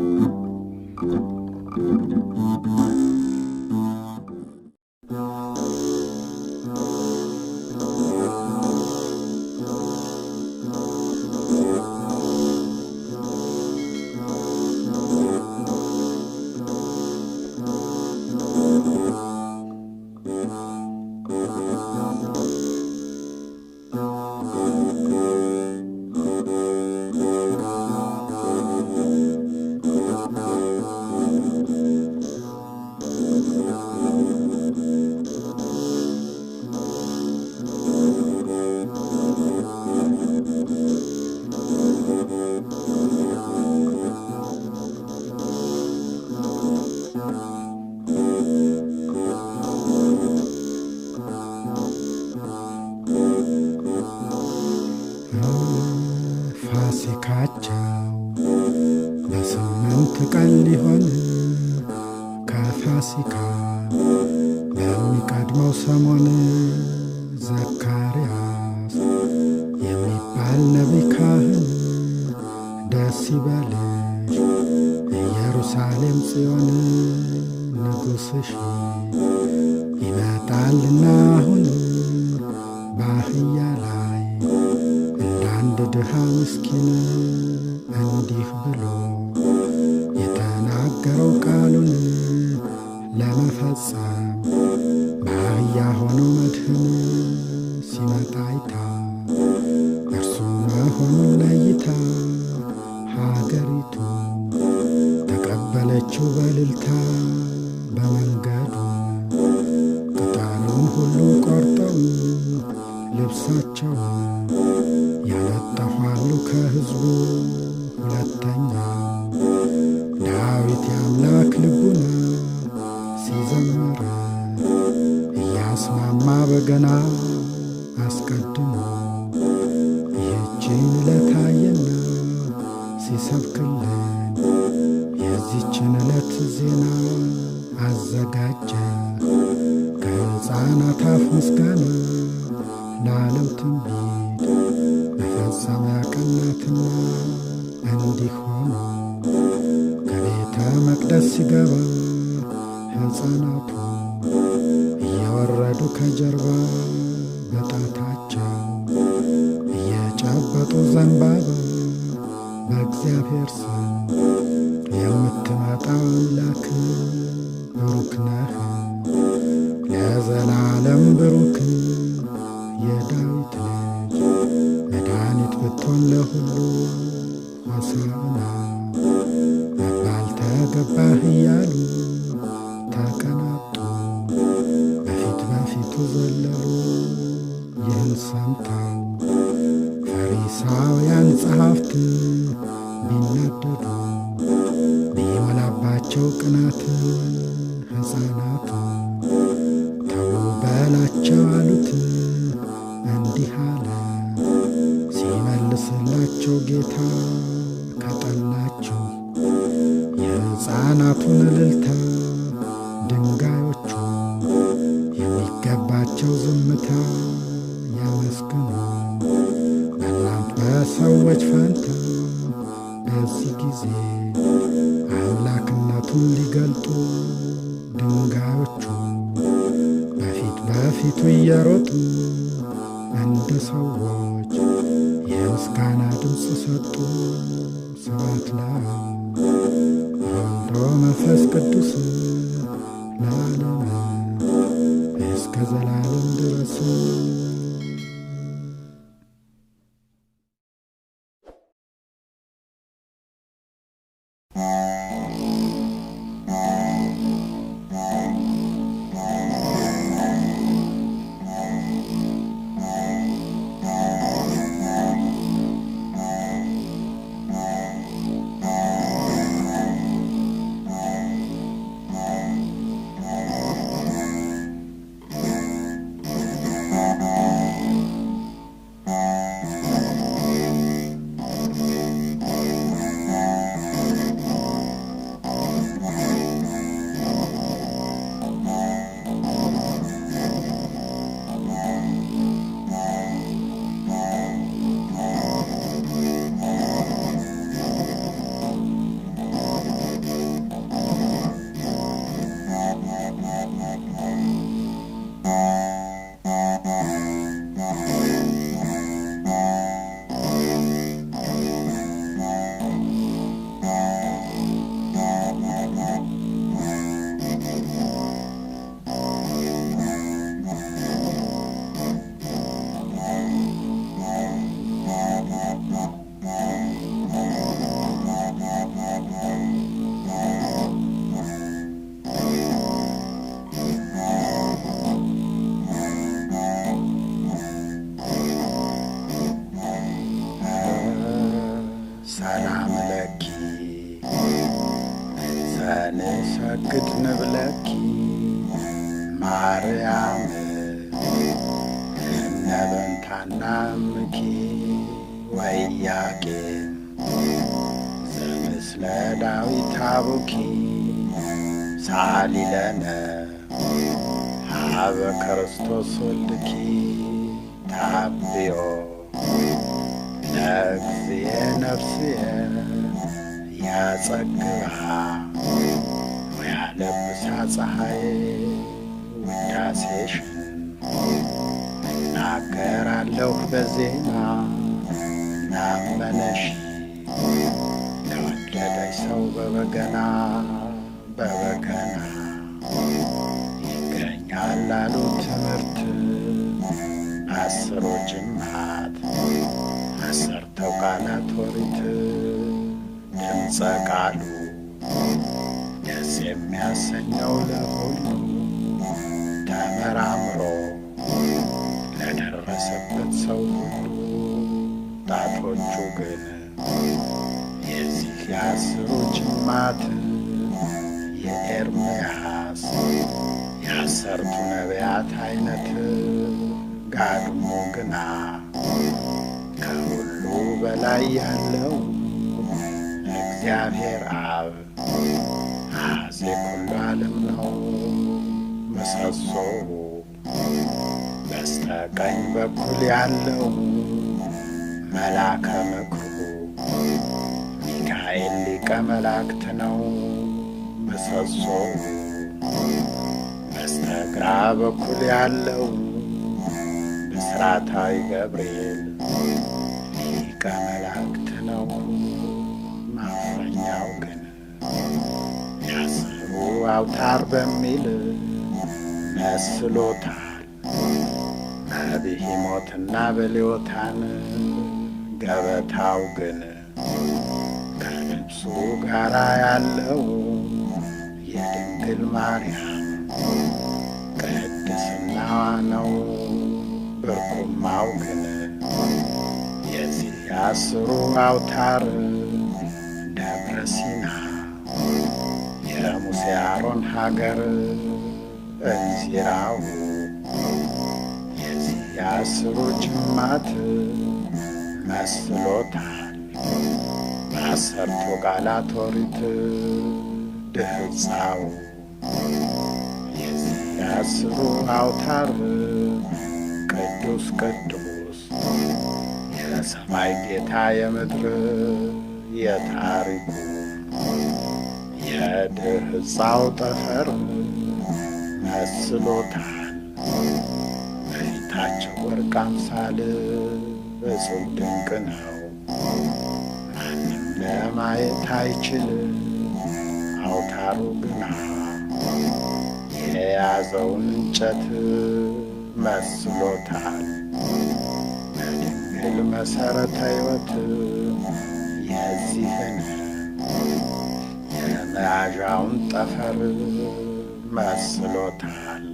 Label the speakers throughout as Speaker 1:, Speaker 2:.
Speaker 1: Thank you. አልካቸው በስምንት ቀን ሊሆን ከፋሲካ በሚቀድመው ሰሞን ዘካርያስ የሚባል ነቢይ ካህን ደስ ይበልሽ ኢየሩሳሌም ጽዮን ንጉሥሽ ይመጣልና አሁን ባህያ ላይ እንዳንድ ድሃ ምስኪን በረታችው በልልታ በመንገዱ ቅጠሉን ሁሉ ቆርጠው ልብሳቸውን ያነጠፋሉ ከህዝቡ ሁለተኛ በንባባ በእግዚአብሔር ስም የምትመጣ አምላክ ብሩክ ነህ፣ ለዘላለም ብሩክ የዳዊት ልጅ መድኃኒት ብትሆን ለሁሉ የሕፃናቱን እልልታ ድንጋዮቹ የሚገባቸው ዝምታ ያመስግኑ። በእናንተ በሰዎች ፈንታ በዚህ ጊዜ አምላክነቱን ሊገልጡ ድንጋዮቹ በፊት በፊቱ እየሮጡ እንደ ሰዎች የምስጋና ድምፅ ሰጡ። ስብሐት ለአብ ጾመ ፈስቅዱስ ለዓለም እስከ ዘላለም ድረስ
Speaker 2: ነፍሴ ነፍሴ ያጸግብሃ ወያለብሳ ፀሐይ ውዳሴሽን እናገራለሁ በዜማ ናመነሽ ከወደደች ሰው በበገና በበገና ይገኛል ላሉ ትምህርት አሰሮች ጅማት! አሰርተው ቃላት ኦሪት ድምፀ ቃሉ ደስ የሚያሰኘው ለሁሉ ተመራምሮ ለደረሰበት ሰው ሁሉ ጣቶቹ ግን የዚህ የአስሮች ጅማት የኤርምያስ የአሰርቱ ነቢያት አይነት ደግሞ ግና ከሁሉ በላይ ያለው እግዚአብሔር አብ አፄ ኩሉ ዓለም ነው ምሰሶ በስተቀኝ በኩል ያለው መላከ ምክሩ ሚካኤል ሊቀ መላእክት ነው ምሰሶ በስተግራ በኩል ያለው ጣታዊ ገብርኤል ሊቀ መላእክት ነው። ማረኛው ግን የአስሩ አውታር በሚል መስሎታል። በብሂሞትና በሌዮታን ገበታው ግን ከልብሱ ጋራ ያለው የድንግል ማርያም ቅድስናዋ ነው። ነበርኩም አውገ የዚህ የአስሩ አውታር ደብረ ሲና የሙሴ አሮን ሀገር እንዚራው የዚህ የአስሩ ጅማት መስሎታል አሰርቶ ቃላት ኦሪት ድህፃው የዚህ የአስሩ አውታር ቅዱስ ቅዱስ የሰማይ ጌታ የምድር የታሪኩ የድህፃው ጠፈር መስሎታል በፊታቸው ወርቅ አምሳል በጽው ድንቅ ነው። ማንም ለማየት አይችልም። አውታሩ ግና የያዘውን እንጨት መስሎታል። ድንግል መሰረተ ሕይወት የዚህን የመያዣውን ጠፈር መስሎታል።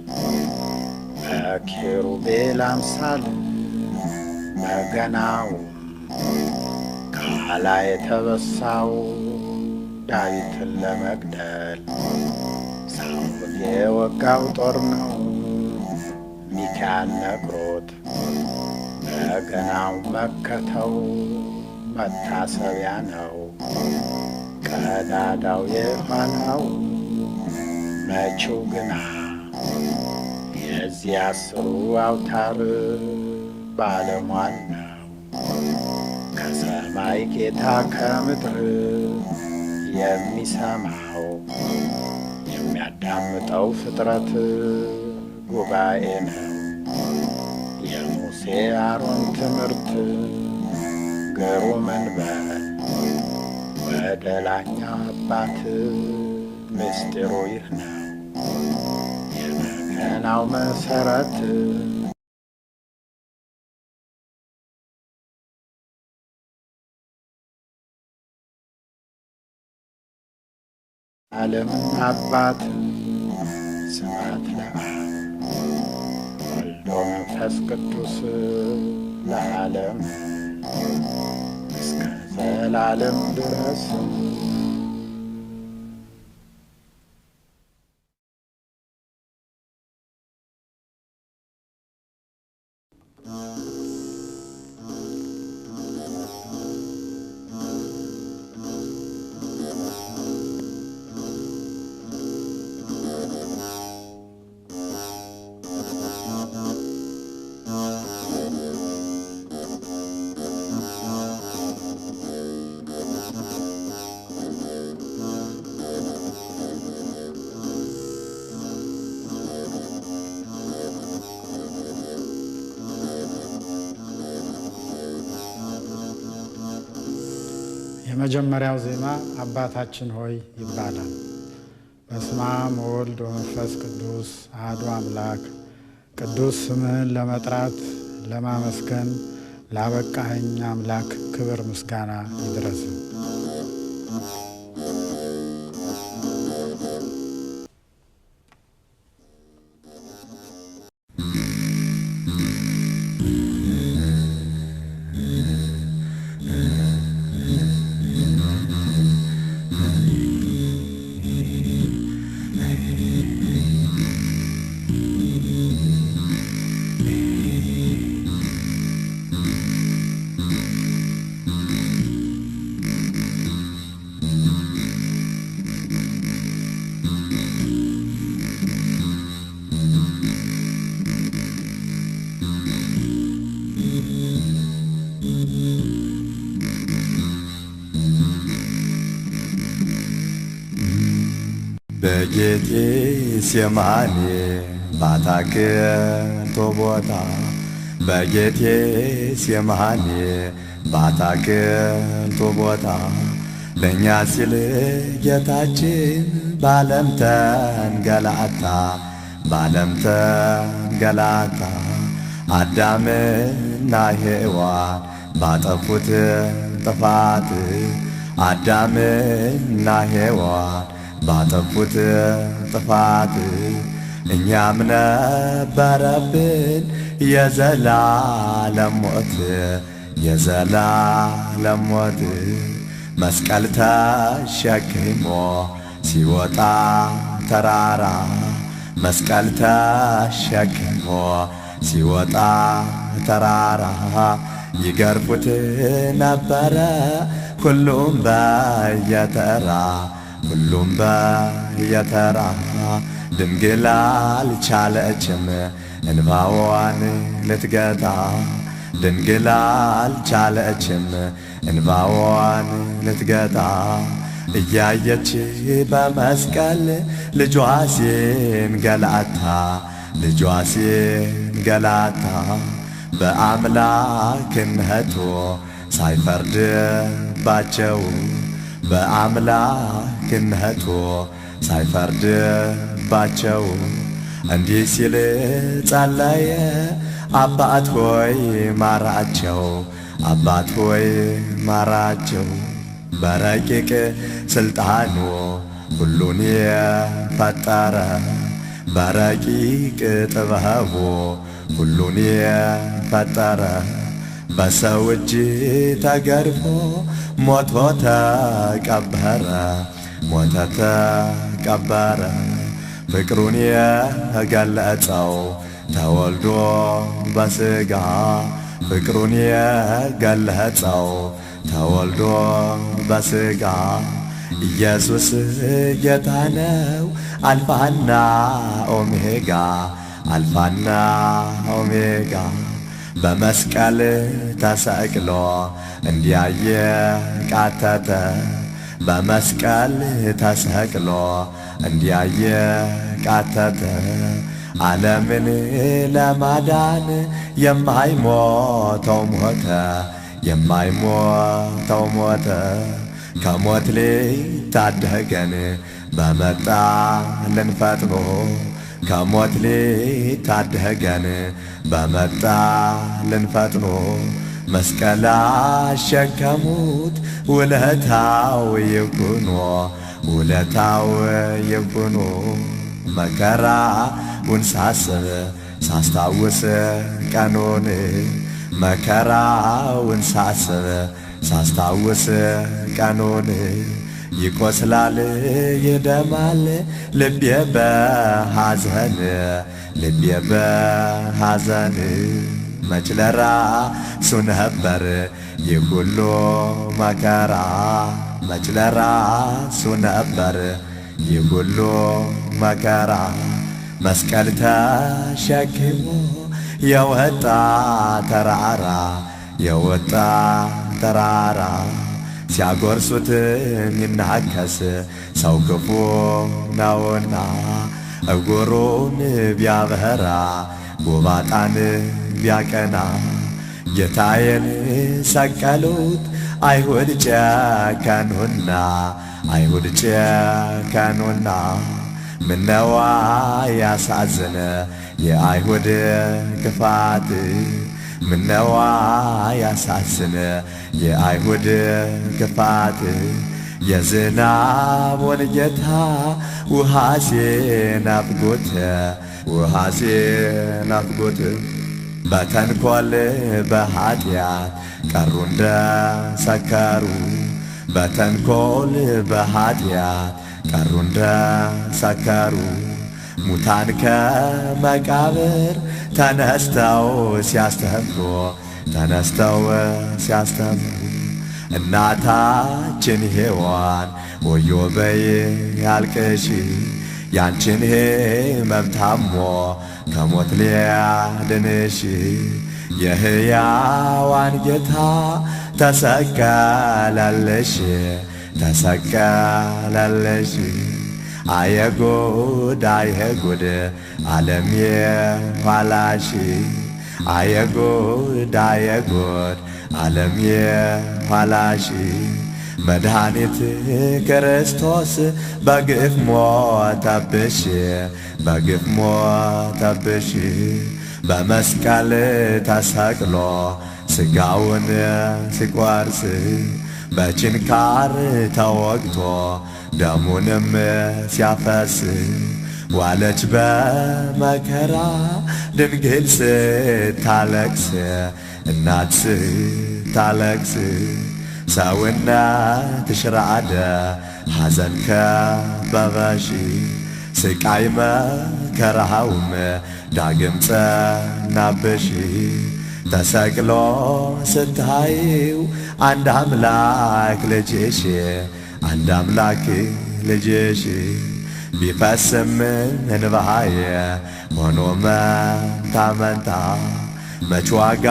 Speaker 2: በኬሩቤል አምሳል በገናው ከኋላ የተበሳው ዳዊትን ለመግደል ሳሙል የወጋው ጦር ነው። ያነቅሩት በገናው መከተው መታሰቢያ ነው። ቀዳዳው የሆነው መቼው ግና የዚህ ስሩ አውታር ባለሟል ነው። ከሰማይ ጌታ ከምድር የሚሰማው የሚያዳምጠው ፍጥረት ጉባኤ ነው። የአሮን ትምህርት ገሩም መንበር ወደ አባት ምስጢሩ ይህ ነው የበገናው መሠረት ዓለምን አባት መንፈስ ቅዱስ ለዓለም እስከ ዘላለም ድረስ የመጀመሪያው ዜማ አባታችን ሆይ ይባላል። በስመ አብ ወወልድ ወመንፈስ ቅዱስ አሐዱ አምላክ። ቅዱስ ስምህን ለመጥራት ለማመስገን ላበቃኸኝ አምላክ ክብር ምስጋና ይድረስም።
Speaker 3: በጌጤ ሴማኔ ባታክቶ ቦታ በጌጤ ሴማኔ ባታክቶ ቦታ ለእኛ ሲል ጌታችን ባለም ተንገላታ ባለም ተንገላታ አዳምና ሔዋን ባጠፉት ጥፋት አዳምና ሔዋን ባጠፉት ጥፋት እኛም ነበረብን የዘላለም ሞት የዘላለም ሞት መስቀል ተሸክሞ ሲወጣ ተራራ መስቀል ተሸክሞ ሲወጣ ተራራ ይገርፉት ነበረ ሁሉም በየተራ ሁሉም በየተራ ድንግል አልቻለችም እንባዋን ልትገታ ድንግል አልቻለችም እንባዋን ልትገታ እያየች በመስቀል ልጇ ገላታ ልጇ ገላታ በአምላክነቱ ሳይፈርድባቸው በአምላክነቱ ሳይፈርድባቸው እንዲህ ሲል ጸለየ፣ አባት ሆይ ማራቸው፣ አባት ሆይ ማራቸው። በረቂቅ ስልጣኑ ሁሉን የፈጠረ በረቂቅ ጥበቡ ሁሉን የፈጠረ በሰው እጅ ተገርፎ ሞቶ ተቀበረ ሞቶ ተቀበረ ፍቅሩን የገለጸው ተወልዶ በስጋ ፍቅሩን የገለጸው ተወልዶ በስጋ ኢየሱስ ጌታ ነው አልፋና ኦሜጋ አልፋና ኦሜጋ በመስቀል ተሰቅሎ እንዲያየ ቃተተ በመስቀል ተሰቅሎ እንዲያየ ቃተተ ዓለምን ለማዳን የማይሞተው ሞተ የማይሞተው ሞተ ከሞት ሊታደገን በመጣ ፈጥኖ ከሞት ሊታደገን በመጣ ልንፈጥኖ መስቀል አሸከሙት ውለታው ይኩኖ ውለታው ይኩኖ መከራውን ሳስብ ሳስታውስ ቀኖን መከራውን ሳስብ ሳስታውስ ቀኖን ይቆስላል ይደማል ልቤ በሐዘን ልቤ በሐዘን መች ለራሱ ነበር ይህ ሁሉ መከራ መች ለራሱ ነበር ይህ ሁሉ መከራ መስቀል ተሸክሞ የወጣ ተራራ የወጣ ተራራ ሲያጎርሱትም ይናከስ ሰው ክፉ ነውና እጎሮን ቢያበራ ጎባጣን ቢያቀና ጌታዬን ሰቀሉት አይሁድ ጨከኑና አይሁድ ጨከኑና ምነዋ ያሳዝነ የአይሁድ ክፋት ምነዋ ያሳዝነ የአይሁድ ክፋት የዝናብ ወንጌታ ውሃ አፍጎት ውሃሴን አፍጎት በተንኰል በኀጢአት ቀሩ እንደ ሰከሩ በተንኰል በኀጢአት ቀሩ እንደ ሰከሩ ሙታን ከመቃብር ተነስተው ሲያስተምሩ ተነስተው ሲያስተምሩ እናታችን ሔዋን ወዮ በይ ያልቅሽ ያንችን ሕመም ታሞ ከሞት ሊያድንሽ የሕያዋን ጌታ ተሰቀለልሽ ተሰቀለልሽ አየጎድ አየጎድ ዓለም የኋላሽ አየጎድ አየጎድ ዓለም የኋላሽ መድኃኒት ክርስቶስ በግፍ ሞተብሽ በግፍ ሞተብሽ በመስቀል ተሰቅሎ ስጋውን ሲቆርስ በችንካር ተወግቶ ደሙንም ሲያፈስ ዋለች በመከራ ድንግል ስታለቅስ እናት ስታለቅስ ሰውነት ሽራደ ሐዘን ከበበሽ ስቃይ መከራውም ዳግም ጸናብሽ ተሰቅሎ ስታይው አንድ አምላክ ልጅሽ አንድ አምላኬ ልጅሽ ቢፈስም እንባዬ ሆኖ መታመንታ መንታ መች ዋጋ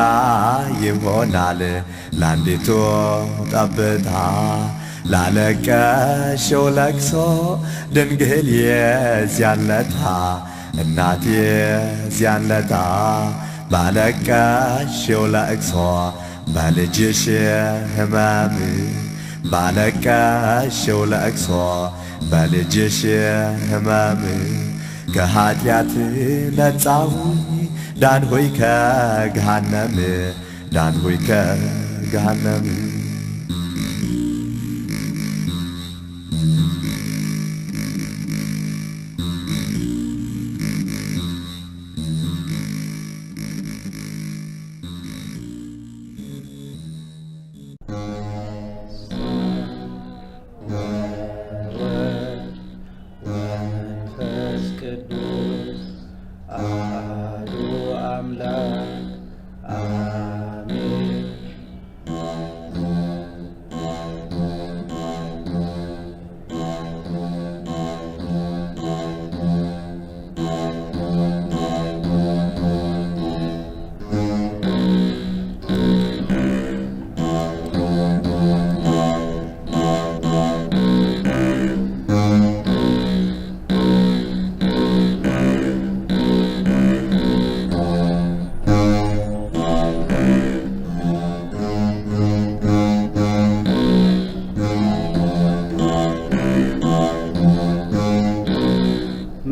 Speaker 3: ይሆናል ለአንዲቱ ጠብታ ላለቀሽው ለቅሶ ድንግል የዚያለታ እናት የዚያለታ ባለቀሽው ለቅሶ በልጅሽ ህመም ባለቀሽው ለቅሶ በልጅሽ ሕመም ከኀጢአት ነጻሁኝ ዳንሆይ ከገሃነም ከገሃነም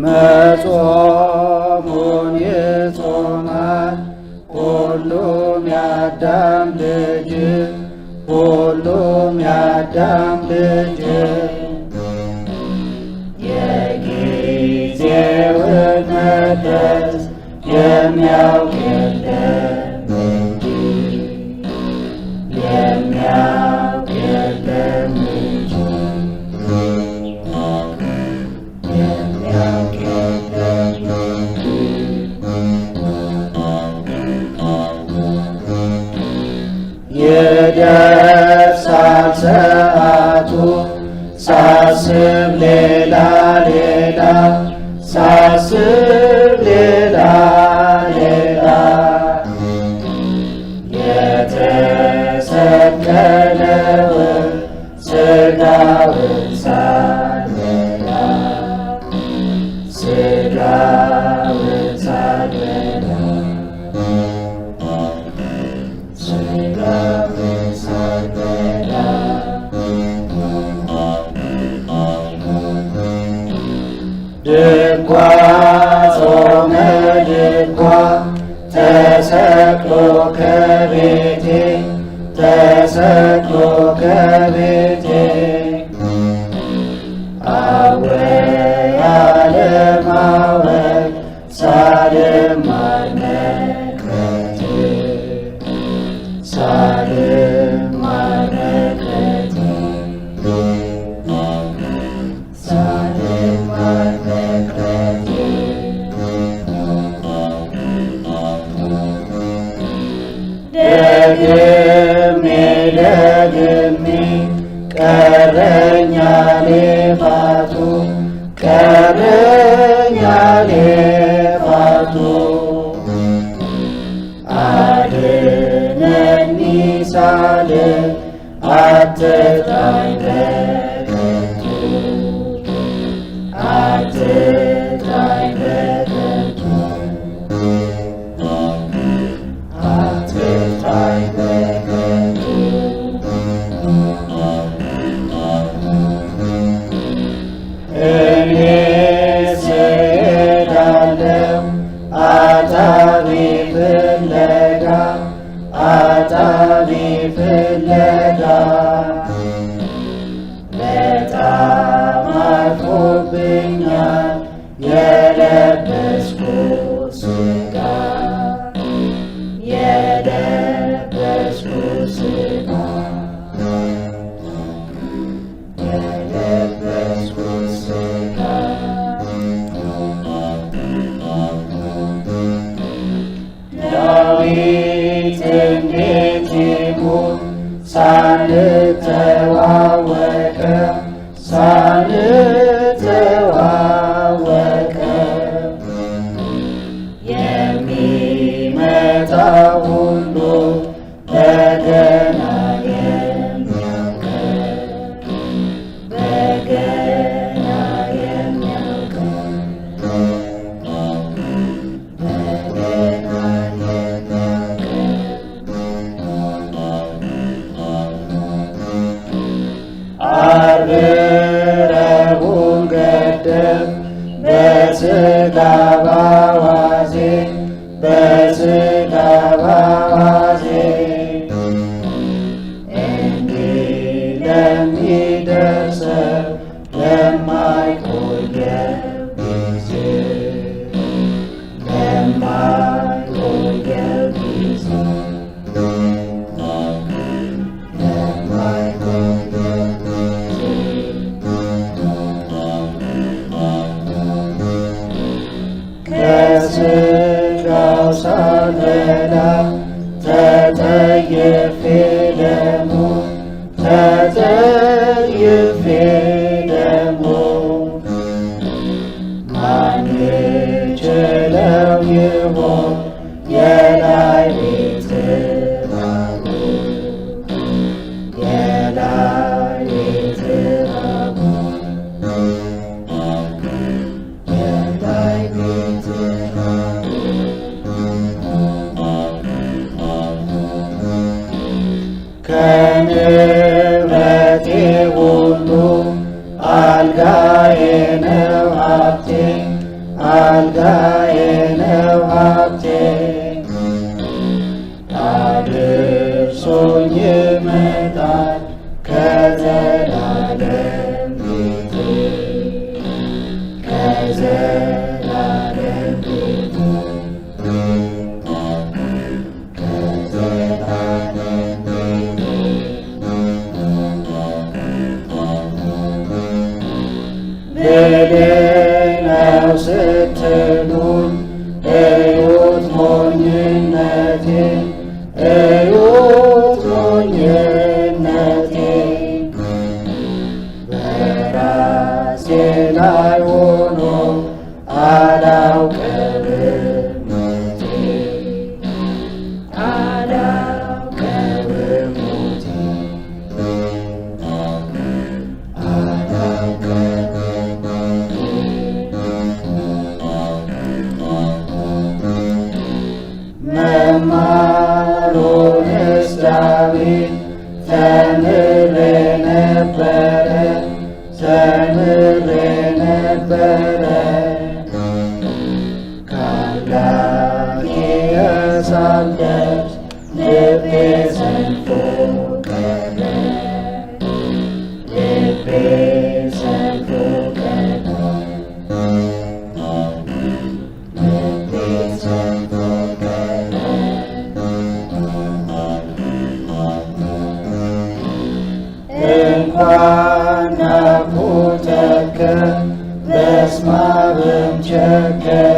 Speaker 2: መጾሙን ይጾማል ሁሉም ያዳም ልጅ ሁሉም ያዳም ልጅ የጊዜውን መድረስ የሚያውቅ Tessa Kokabe. Adani Filet Yeah. is Sangha, Nipis Shaka.